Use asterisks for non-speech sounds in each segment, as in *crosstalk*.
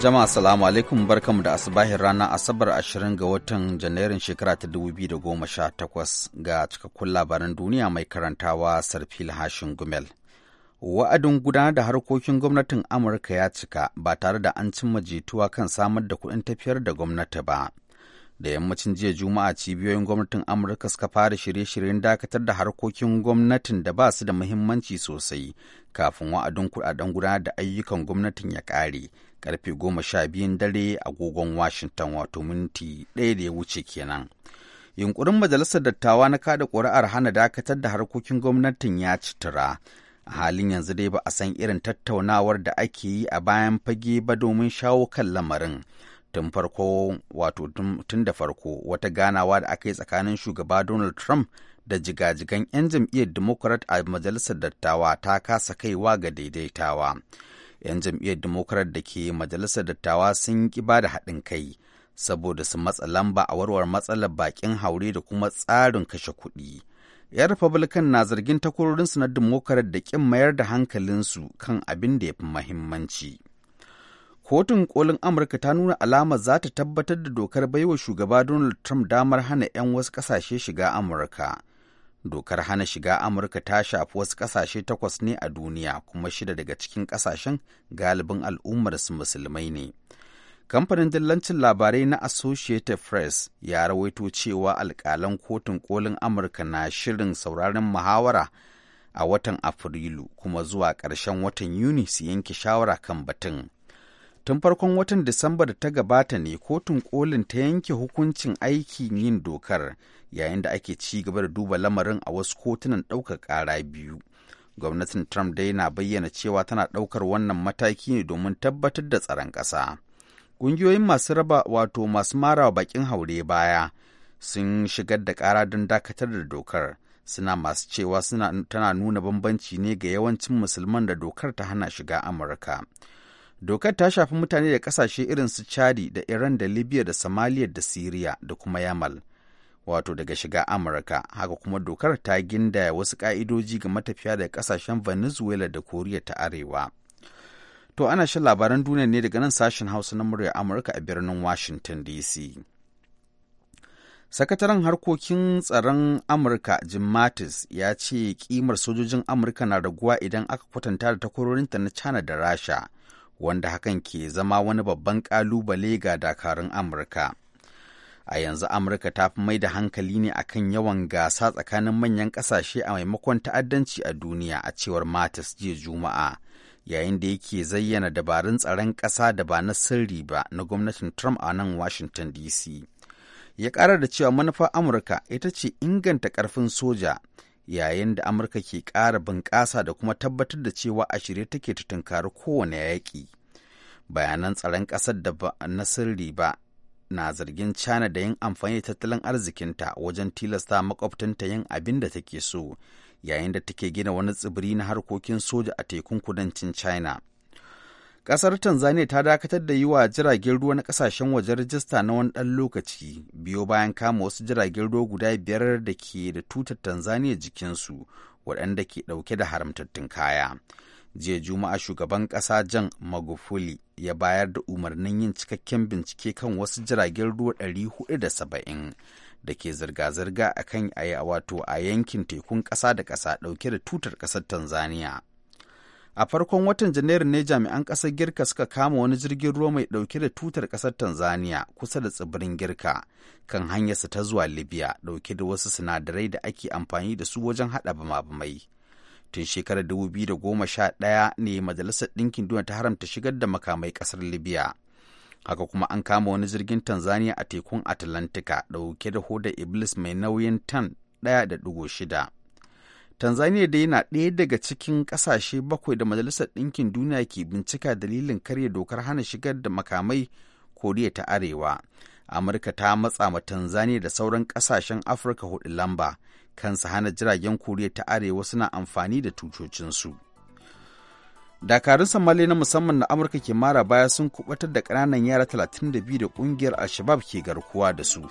Jama'a salamu alaikum barkamu da asibahin rana Asabar 20 ga watan Janairun shekara ta 2018 ga cikakkun labaran duniya mai karantawa Sarfil Hashin Gumel. Wa'adin gudanar da harkokin gwamnatin Amurka ya cika ba tare da an cimma jituwa kan samar da kuɗin tafiyar da gwamnati ba. Da yammacin jiya Juma'a cibiyoyin gwamnatin Amurka suka fara shirye-shiryen dakatar da harkokin gwamnatin da ba su da muhimmanci sosai kafin wa'adin kuɗaɗen gudanar da ayyukan gwamnatin ya ƙare. karfe goma sha biyun dare agogon Washington wato minti ɗaya da ya wuce kenan. Yunkurin majalisar dattawa na kada ƙuri'ar hana dakatar da harkokin gwamnatin ya ci A halin yanzu dai ba a san irin tattaunawar da ake yi a bayan fage ba domin shawo kan lamarin. Tun farko wato tun da farko wata ganawa da aka yi tsakanin shugaba Donald Trump da jigajigan 'yan jam'iyyar Democrat a majalisar dattawa ta kasa kaiwa ga daidaitawa. 'yan jam'iyyar demokrat da ke majalisar dattawa sun ki ba da haɗin kai saboda su matsa lamba a warware matsalar bakin haure da kuma tsarin kashe kuɗi. 'yan republican na zargin takwarorinsu na demokrat da ƙin mayar da hankalinsu kan abin da ya fi mahimmanci. kotun kolin amurka ta nuna alama za ta tabbatar da dokar baiwa shugaba donald trump damar hana 'yan wasu kasashe shiga amurka dokar hana shiga amurka ta shafi wasu ƙasashe takwas ne a duniya kuma shida daga cikin ƙasashen galibin al'ummarsu musulmai ne kamfanin dillancin labarai na associated press ya rawaito cewa alkalan kotun kolin amurka na shirin sauraron muhawara a watan afrilu kuma zuwa ƙarshen watan yuni su yanke shawara kan batun tun farkon watan disamba da ta gabata ne kotun kolin ta yanke hukuncin aikin yin dokar yayin da ake ci gaba da duba lamarin a wasu kotunan ɗaukar kara biyu gwamnatin trump dai na bayyana cewa tana ɗaukar wannan mataki ne domin tabbatar da tsaron ƙasa ƙungiyoyin masu raba wato masu mara bakin haure baya sun shigar da kara don dakatar da dokar suna masu cewa suna tana nuna bambanci ne ga yawancin musulman da dokar ta hana shiga amurka Dokar ta shafi mutane da kasashe irin su Chadi da Iran da Libya da Somalia da syria da kuma Yamal. Wato daga shiga Amurka, haka kuma dokar ta gindaya wasu ka'idoji ga matafiya da kasashen Venezuela da Koriya ta Arewa. To ana shan labaran duniya ne daga nan sashen Hausa na murya Amurka a birnin Washington DC. Sakataren harkokin tsaron Amurka Jim Mattis ya ce kimar sojojin Amurka na raguwa idan aka kwatanta da takwarorinta na China da Rasha. wanda hakan ke zama wani babban ƙalubale ga dakarun Amurka. A yanzu Amurka ta fi mai da hankali ne a kan yawan gasa tsakanin manyan ƙasashe a maimakon ta'addanci a duniya a cewar Matis jiya Juma'a, yayin da yake zayyana dabarun tsaron ƙasa da ba na sirri ba na gwamnatin Trump a nan Washington DC. Ya ƙara da cewa manufar Amurka ita ce inganta ƙarfin soja yayin da amurka ke ƙara bunƙasa da kuma tabbatar da cewa a shirye take ta tunkari kowane yaƙi bayanan tsaron ƙasar da ba na sirri ba na zargin china da yin amfani da tattalin arzikinta wajen tilasta makwabtanta yin abin da take so yayin da take gina wani tsibiri na harkokin soja a tekun kudancin china Ƙasar Tanzania ta dakatar da yi wa jiragen ruwa na ƙasashen waje rajista na wani ɗan lokaci, biyo bayan kama wasu jiragen ruwa guda biyar da ke da tutar Tanzania jikinsu, waɗanda ke ɗauke da haramtattun kaya. Jiya Juma'a shugaban ƙasa Jan Magufuli ya bayar da umarnin yin cikakken bincike kan wasu jiragen ruwa ɗari 470 da saba'in da ke zirga-zirga a kan wato a yankin tekun ƙasa da ƙasa ɗauke da tutar ƙasar Tanzania. a farkon watan janairu ne jami'an ƙasar girka suka kama wani jirgin ruwa mai ɗauke da tutar ƙasar tanzania kusa da tsibirin girka kan hanyarsa ta zuwa libya ɗauke da wasu sinadarai da ake amfani da su wajen haɗa bama-bamai tun shekarar 2011 ne majalisar ɗinkin duniya ta haramta shigar da makamai ƙasar libya haka kuma an kama wani jirgin tanzania a tekun atlantika ɗauke da hodar iblis mai nauyin tan da shida. tanzania dai na ɗaya daga cikin ƙasashe bakwai da majalisar ɗinkin duniya ke bincika dalilin karya dokar hana shigar da makamai koriya ta arewa amurka ta matsa ma tanzania da sauran ƙasashen afirka hudu lamba kansa hana jiragen koriya ta arewa suna amfani da tucocinsu dakarun samale na musamman na amurka ke mara baya sun kubatar da ƙananan yara 32 da ƙungiyar al ke garkuwa da su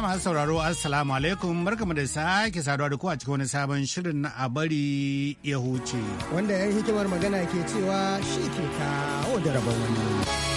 jama'a masu sauraro assalamu alaikum barkamu da sake saduwa da ku a cikin wani sabon shirin na a bari ya huce wanda yan hikimar magana ke cewa shi ke kawo da rabon wani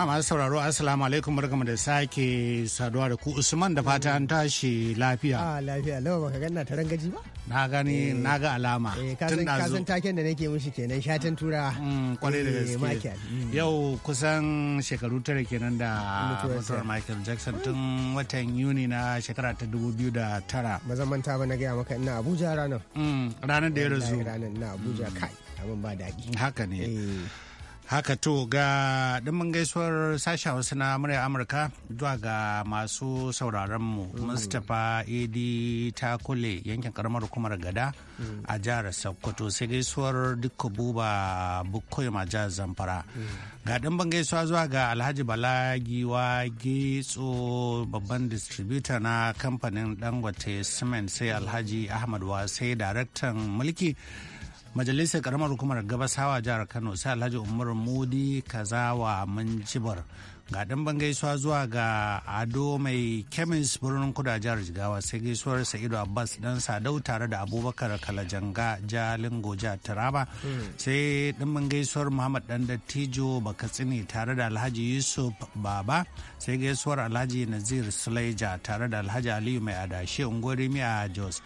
jama'a masu sauraro assalamu alaikum barkamu da sake saduwa da ku usman da fata an tashi lafiya a ah, lafiya lawa baka na ta rangaji ba na gani eh. na ga alama eh, tun da zo taken da nake mushi kenan shatin tura mm, kwarai da eh, gaske mm. yau kusan shekaru tara kenan da mutuwar michael jackson tun watan yuni na shekara ta dubu biyu da tara ba zan manta ba na gaya maka ina abuja ranar mm, ranar da ya rasu ranar na abuja kai abin ba daɗi haka ne haka to ga dimin gaisuwar sashen wasu na murya amurka zuwa ga masu sauraronmu mm. mustapha ta takule yankin karamar hukumar gada mm. a jihar sokoto sai gaisuwar dukka buba bukkoyi ma jihar zamfara mm. ga dimbin gaisuwa zuwa ga alhaji bala giwa gitso babban distributor na kamfanin dangote cement sai alhaji ahmad wasai daraktan mulki majalisar karamar hukumar gabasawa jihar kano sai alhaji umar mudi kazawa mancibar ga ɗan gaisuwa zuwa ga ado mai kemis birnin kuda jihar jigawa sai gaisuwar sa'idu abbas dan sadau tare da abubakar kalajanga jalin goja taraba sai ɗan gaisuwar muhammad dan dattijo bakatsini tare da alhaji yusuf baba sai gaisuwar alhaji nazir sulaija tare da alhaji aliyu mai adashe ungori a jos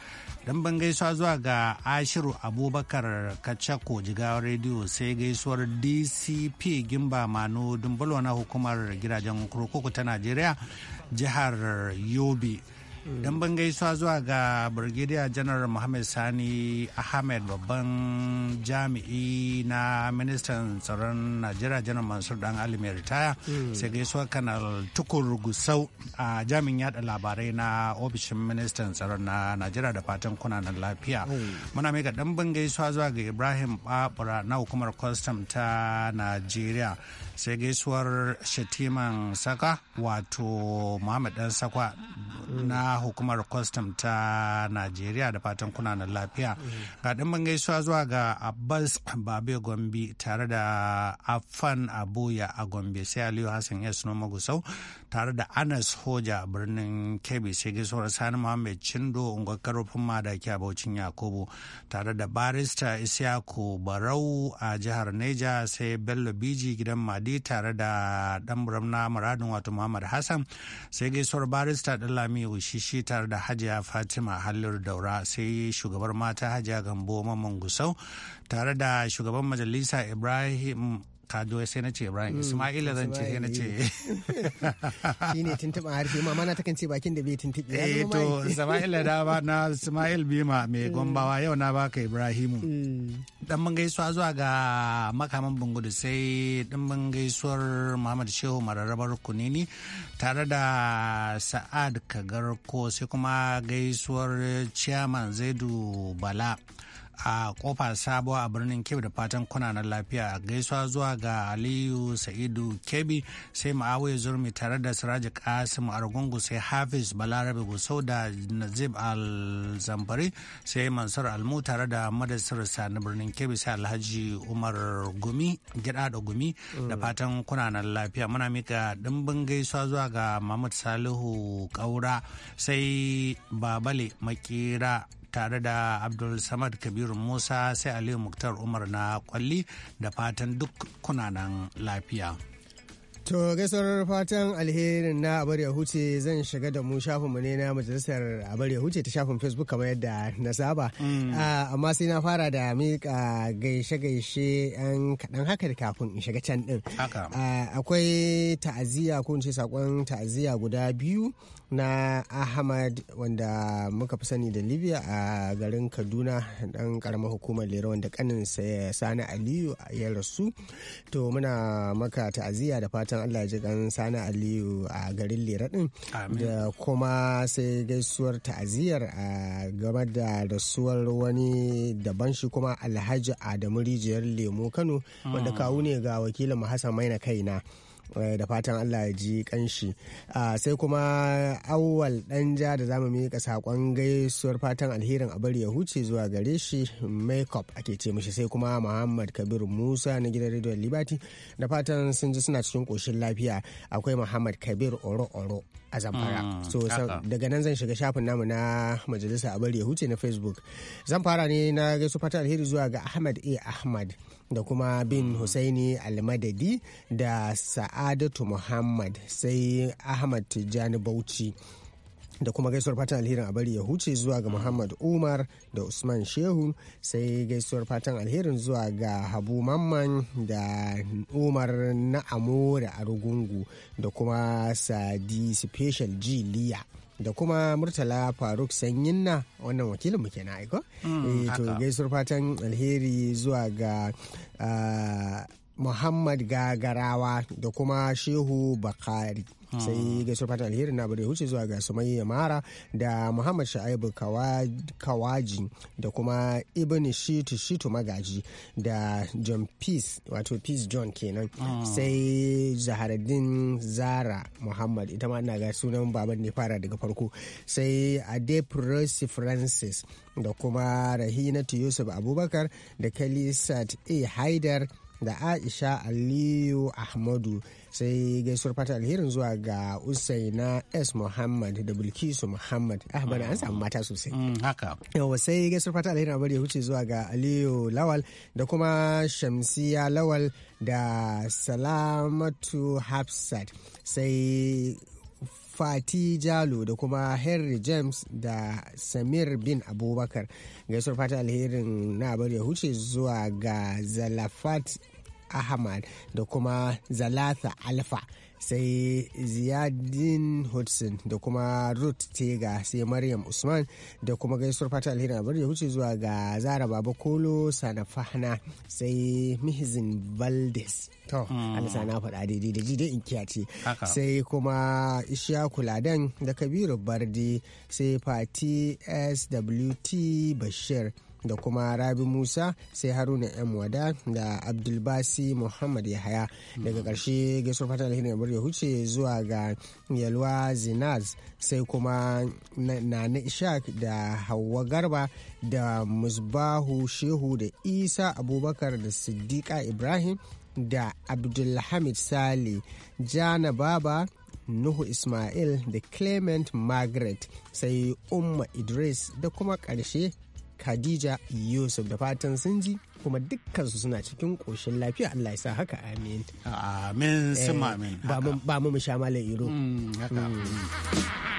Don ban gaisuwa zuwa ga ashiru abubakar kachako jigawa rediyo sai gaisuwar dcp gimba mano dumbalo na hukumar gidajen kurkuku ta najeriya jihar yobe don ban gaisuwa zuwa ga brigadier general muhammad sani ahmed babban jami'i na ministan tsaron najeriya janar mansur dan ali mai ritaya hmm. sai gaisuwa kanal tukur gusau a jami'in yada labarai na ofishin ministan tsaron na najeriya da fatan kunanan lafiya hmm. muna mai ga dan ban gaisuwa zuwa ga ibrahim babura na hukumar kwastam ta najeriya sai gaisuwar shatiman saka wato muhammad dan sakwa hmm. na A hukumar kwastam ta najeriya da fatan kuna na lafiya mm. ga ɗimbin gaisuwa zuwa ga abbas babe gombe tare da afan abuya a gombe sai aliyu hassan s noma gusau tare da anas hoja birnin kebbi sai gaisuwar sani muhammad chindo unguwar karfin madaki a baucin yakubu tare da barista Isiaku barau a jihar neja sai bello biji gidan madi tare da dan na muradin wato muhammad hassan sai gaisuwar barista dalami shi shi tare da hajiya fatima halin daura sai shugabar mata hajiya gambo mamman gusau tare da shugaban majalisa ibrahim kado sai na ce Ibrahim mm, Ismaila zan ce sai na ce *laughs* shi ne tuntuɓa harfe ma mana takan ce bakin da bai tuntuɓe eh to Ismaila da ba na Ismail Bima mai mm. gombawa yau na baka Ibrahimu mm. dan mun gaisuwa zuwa ga makaman Bungudu sai dan mun gaisuwar Muhammad Shehu Mararabar Kunini tare da Sa'ad Kagarko sai kuma gaisuwar Chairman Zaidu Bala a kofa sabo a birnin kebbi da fatan kunanan lafiya gaisuwa zuwa ga aliyu sa'idu kebbi sai ma'awai zurmi tare da siraji kasim argungu sai hafiz balarabe gusau da nazib al zambari sai mansur almu tare da madasar sani birnin kebbi sai alhaji umar gumi gida da gumi da fatan kunanan lafiya muna mika dimbin gaisuwa zuwa ga mahmud salihu kaura sai babale makera tare da abdul samad kabiru musa sai aliyu muktar umar na kwalli da fatan duk kunanan lafiya. To gaisuwar fatan alherin na abar ya zan shiga da mu shafinmu ne na majalisar abar ya huce ta shafin Facebook kamar yadda na saba. Mm. Ah, amma sai na fara da miƙa gaishe-gaishe an kaɗan haka da kafin in shiga can ɗin. Ah, akwai ta'aziyya ko ce saƙon ta'aziyya guda biyu na Ahmad wanda muka fi sani da Libya a garin Kaduna ɗan ƙaramar hukumar Lera wanda ƙaninsa Sani Aliyu ya rasu. To muna maka ta'aziyya da fatan. fatan Allah ji kan Sani Aliyu a garin Lera din da kuma sai gaisuwar ta'aziyar a game da rasuwar wani daban shi kuma Alhaji Adamu Rijiyar Lemo Kano wanda hmm. kawu ne ga wakilin Hassan Maina kaina. Eh, da fatan Allah ya ji kanshi ah, sai kuma awwal ja da zamu miƙa sakon gaisuwar fatan alherin a bari ya huce zuwa gare shi makeup ake ce mishi sai kuma Muhammad Kabir Musa na gidan Radio Liberty da fatan sun ji suna cikin koshin lafiya akwai Muhammad Kabir Oro Oro a Zamfara mm, so daga nan zan shiga shafin namu na majalisa a bari ya huce na Facebook zan fara ne na gaisuwar fatan alheri zuwa ga Ahmad A Ahmad da kuma bin Husaini Almadadi da Sa'adatu Muhammad sai Ahmad Tijjani Bauchi. da kuma gaisuwar fatan alherin a bari ya huce zuwa ga muhammad umar da usman shehu sai gaisuwar fatan alherin zuwa ga habu mamman da umar na amore da da kuma sadi special g liya da kuma murtala faruk sanyinna wannan wakilin mu kenan aiko mm, eh, to gaisuwar fatan alheri zuwa ga ah, muhammad gagarawa da kuma shehu bakari sai gaisuwar fatan alheri na bude huce zuwa ga sumayya mara da muhammad sha'ibu kawaji da kuma ibn shitu shitu magaji da john peace wato peace john kenan ah. sai zaharaddin zara muhammad ita ma ina ga sunan baban ne fara daga farko sai adeprosi francis da kuma rahinatu yusuf abubakar da kalisat a haidar da aisha aliyu ahmadu sai gaisuwar fata alherin zuwa ga usaina s muhammad da bilkisu muhammad ahmad an samu mata sosai mm, mm, haka yawa sai gaisuwar fata alherin bari huce zuwa ga aliyu lawal da kuma shamsiya lawal da salamatu hafsat sai Fati Jalo da kuma Henry James da Samir bin Abubakar gaisuwar fata alherin na Bari huce zuwa ga Zalafat ahmad da kuma zalatha alfa sai ziyadin hudson da kuma ruth tega sai maryam usman da kuma gaisuwar fata alheri abar ya wuce zuwa ga zara baba kolo sanafahna sai mihzin valdes to mm. na faɗa daidai da ji dai in kiyace sai kuma ishaku Kuladan da kabiru bardi sai fati swt bashir da kuma rabi musa sai haruna yan wada da abdulbasi muhammad yahaya daga karshe gaisuwar fatan alheri na ya huce zuwa ga yalwa zinaz sai kuma nana ishaq da hawa garba da musbahu shehu da isa abubakar da siddiqa ibrahim da abdulhamid sali jana baba Nuhu Ismail da Clement Margaret sai Umma Idris da kuma ƙarshe Khadija Yusuf da fatan sun ji kuma dukkan su suna cikin koshin lafiya Allah ya sa haka amin. Amin sun amin. Eh, ba mu sha malam iro. Mm, mm.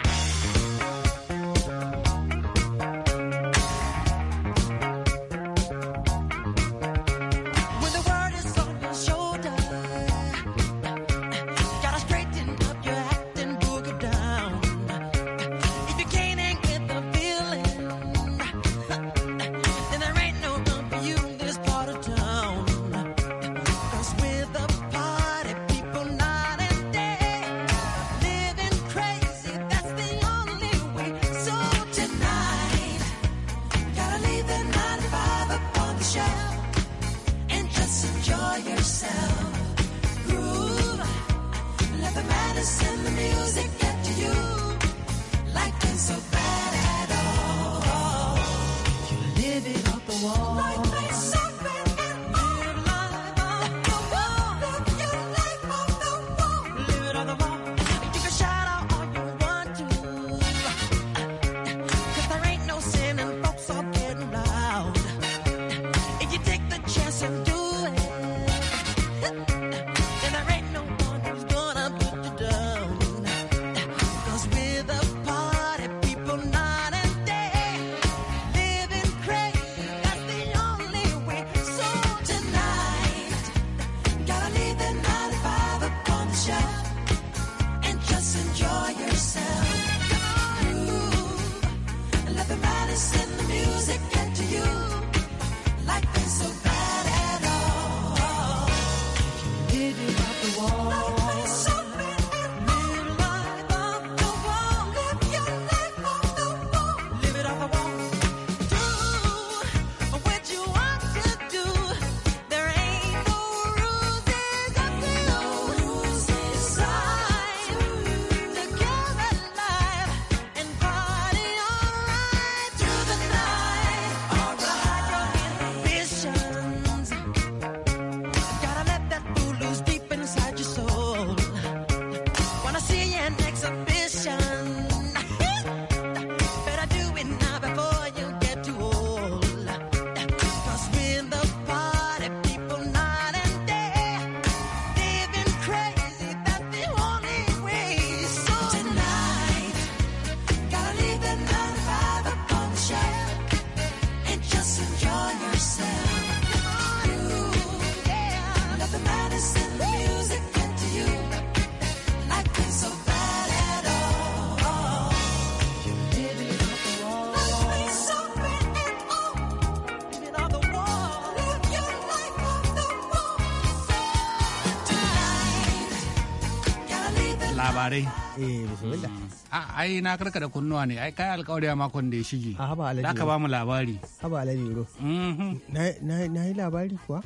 labarai. Eh, bismillah. Ah, ai na karkada kunnuwa ne, ai kai alƙawari a kun da shige. A haba alaji. Zaka ba mu labari. Haba alaji ro. Mhm. Na na na yi labari kuwa?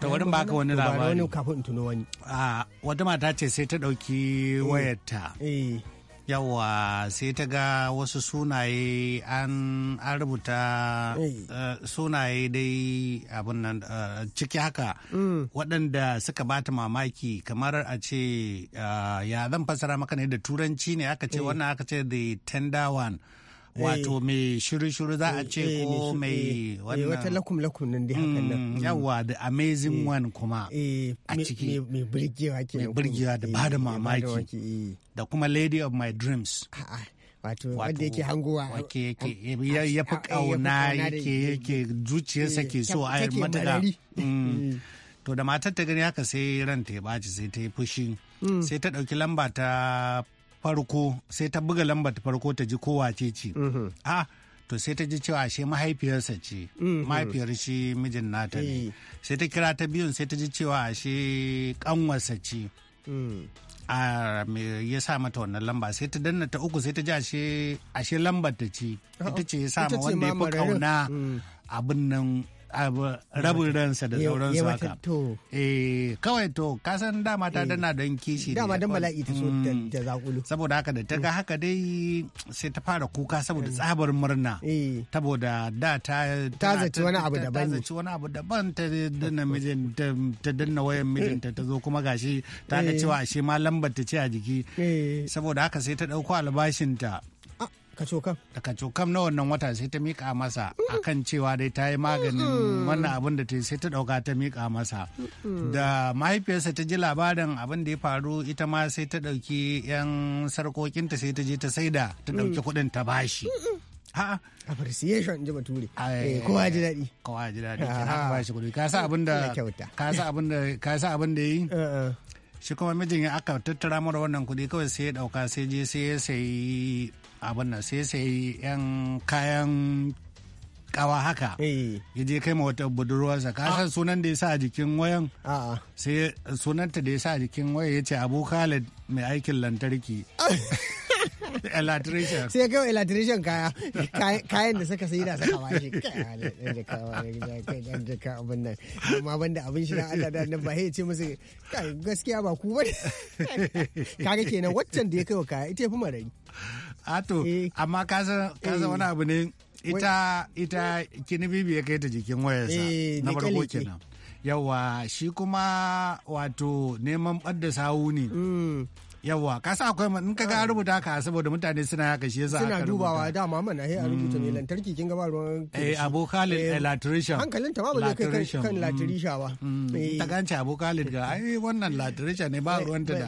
Ta wurin baka wani labari. Wani kafin tuno wani. Ah, wata mata ce sai ta dauki eh. wayarta. Eh. yawa sai ta ga wasu sunaye an rubuta eh, sunaye dai abin eh, ciki haka mm. waɗanda suka bata mamaki kamar a ce eh, ya zan fassara maka ne da turanci ne aka ce wannan aka ce the tender one wato eh. mai shiru-shiru za a eh, ce eh, ko mai wannan wata lakum-lakum nan dai hakan nan mm, mm. yawa the amazing one kuma a ciki mai birgewa ke mai birgewa da bada mamaki da kuma lady of my dreams wato wanda yake hangowa wake yake ya fi kauna yake yake zuciyarsa ke so a matuka mm. to da matar ta gani haka sai ran ya baci sai ta yi fushi sai ta ɗauki lamba ta farko sai ta buga lamba ta farko ta ji kowa ce ce mhm. a to sai ta ji cewa ashe mahaifiyarsa ce mhm. mahaifiyar shi mijin nata ne eh. sai ta kira ta biyun sai ta ji cewa ashe kanwarsa ce mm. a me ya sa mata wannan lamba sai ta danna ta uku sai ta ji ashe ashe lambar ta ce oh, ita ce ya sa ma wanda ya fi kauna mm. abin nan rabin ransa da sauran su haka eh kawai to kasan dama ta eh. dana don kishi dama dan bala'i ta so da mm. zakulu saboda haka da ta ga mm. haka dai sai ta fara kuka saboda eh. tsabar murna eh. saboda da ta ta zaci wani abu daban ta zaci wani abu daban ta danna mijin ta danna wayan mijinta ta zo kuma gashi ta ga cewa ashe ma lambar ta ce a jiki saboda haka sai ta dauko albashinta kacokam da kacokam na wannan wata sai ta mika masa akan cewa dai ta yi maganin wannan abin da ta sai ta dauka ta mika masa da mahaifiyarsa ta ji labarin abin da ya faru ita ma sai ta dauki yan sarkokinta sai ta je ta saida ta dauki mm. kuɗin ta bashi A Appreciation in ji bature. Eh, kowa ji daɗi. Kowa ji daɗi. ka ba shi Ka sa abin da ka sa abin da ka sa abin da yi. Uh-uh. Shi kuma mijin ya aka tattara mara wannan kuɗi kawai sai ya ɗauka sai je sai ya sayi abin nan sai sai yan kayan kawa haka eh. ya je kai ma wata budurwarsa ka san ah. sunan da ya sa a jikin wayan sai sunanta da ya sa a jikin wayan ya ce abu khalid mai aikin lantarki *laughs* electrician sai ga electrician kaya kayan da suka sayi da suka washe jaka abin nan amma da abin shi na Allah da nan ba ce musu gaskiya ba ku ba *laughs* kaga kenan waccan da ya kai wa kaya ita fi marayi ato eh, amma kasa kasa eh, wani abu ne ita ita bibi ya kai ta jikin wayarsa eh, na farko kenan yawa shi kuma wato neman ɓadda sawu ne mm. yawwa ka sa akwai in ka ga rubuta ka saboda mutane suna haka shi yasa suna dubawa dama mana a mm. rubuta ne lantarki kin gaba ruwan eh abokalin electrician eh, hankalin ta ba zai kai kan electrician mm. ba mm. eh. ta ganci abokalin ga ai wannan electrician ne ba ruwan ta eh.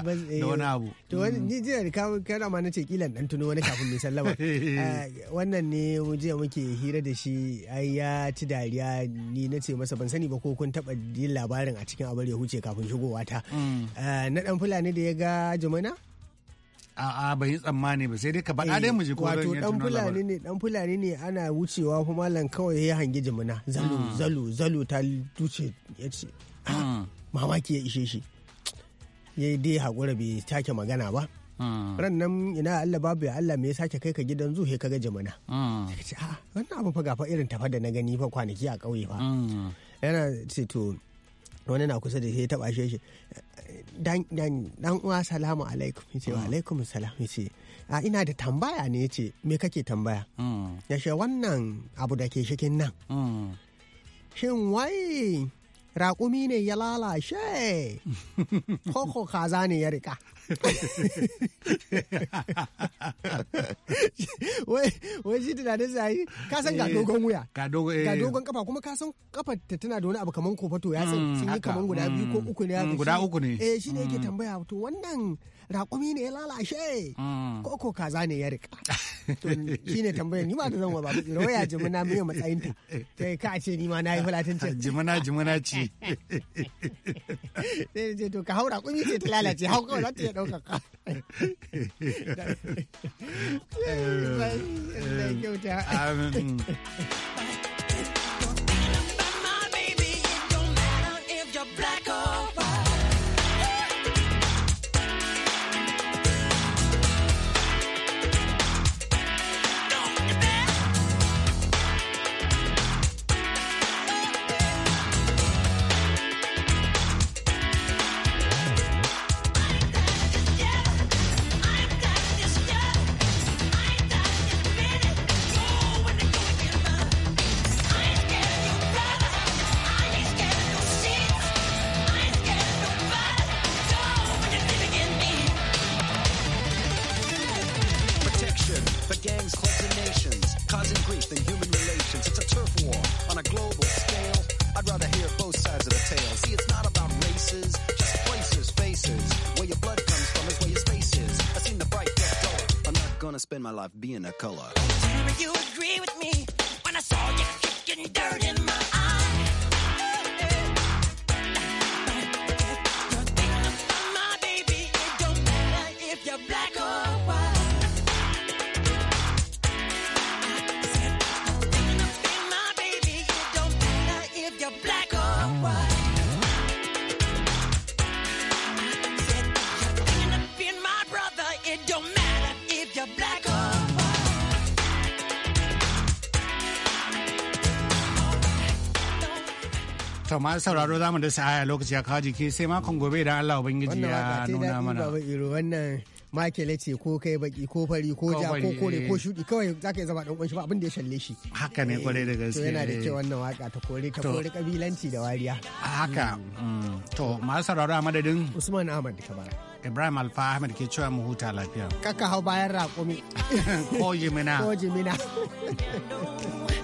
da wani abu to ni jiya ka kana ma nace kilan dan tuno wani kafin mai sallama *laughs* wannan ne jiya muke hira da shi ai ya ci dariya ni nace masa ban sani ba ko kun taba yin labarin a cikin abar ya huce kafin shigowa ta na dan fulani da ya ga jama'a a'a ban yi tsammani ba sai dai ka baɗa eh, dai mu ji ko wato dan fulani ne dan fulani ne ana wucewa kuma malam kawai ya hangi jimina zalu hmm. zalu zalu ta tuce ya ce ah, hmm. mamaki ya ishe shi ya dai hakura bai take magana ba hmm. ran nan ina Allah babu ya Allah me ya sake kai ka gidan zu he kaga jimina sai ka ce a'a ah, wannan abu fa ga fa irin tafa da na gani fa kwanaki a kauye fa yana ce to wani na kusa da shi ya taba shi dan uwa salamu alaikum ya ce wa mm. alaikum salam ya ce a ina da tambaya ne ya ce me kake tambaya mm. ya ce wannan abu da ke shikin nan mm. shin wai raƙumi ne ya lalashe *laughs* koko kaza ne ya rika *laughs* wai shi tunanin sa yi ka san ga eh, dogon wuya ga eh. dogon kafa kuma ka san kafar ta tana da wani abu kaman kofato ya san mm, sun yi kaman guda biyu ko mm, uku ne mm, guda uku ne eh shi ne yake tambaya to wannan raƙumi ne ya lalace ko ko kaza ne ya rika *laughs* to shi ne tambayar ni ma da zan wa babu tsiro ya jimina mai matsayin ta sai ka ce ni ma na yi fulatin ce *laughs* jimina jimina ce sai ce to ka haura kumi ce ta lalace hau kawai za ta ɗaukaka *laughs* *laughs* *laughs* want to spend my life being a color. you agree with me when I saw you kicking dirt in my eyes. to ma sauraro zamu da sa'aya lokaci ya kawo jiki sai makon gobe idan Allah ubangiji ya nuna mana wannan ba makele ce ko kai baki ko fari ko ja ko kore ko shudi kawai zaka yi zama dan uwan shi ba abin da ya shalle shi haka ne kwarai da gaske to yana da kyau wannan waka ta kore ta kore kabilanci da wariya haka mm. Mm. to ma sauraro a madadin Usman Ahmad Kabara Ibrahim Alfa Ahmed ke cewa mu huta lafiya kaka hau bayan raƙumi *laughs* ko jimina ko jimina *laughs*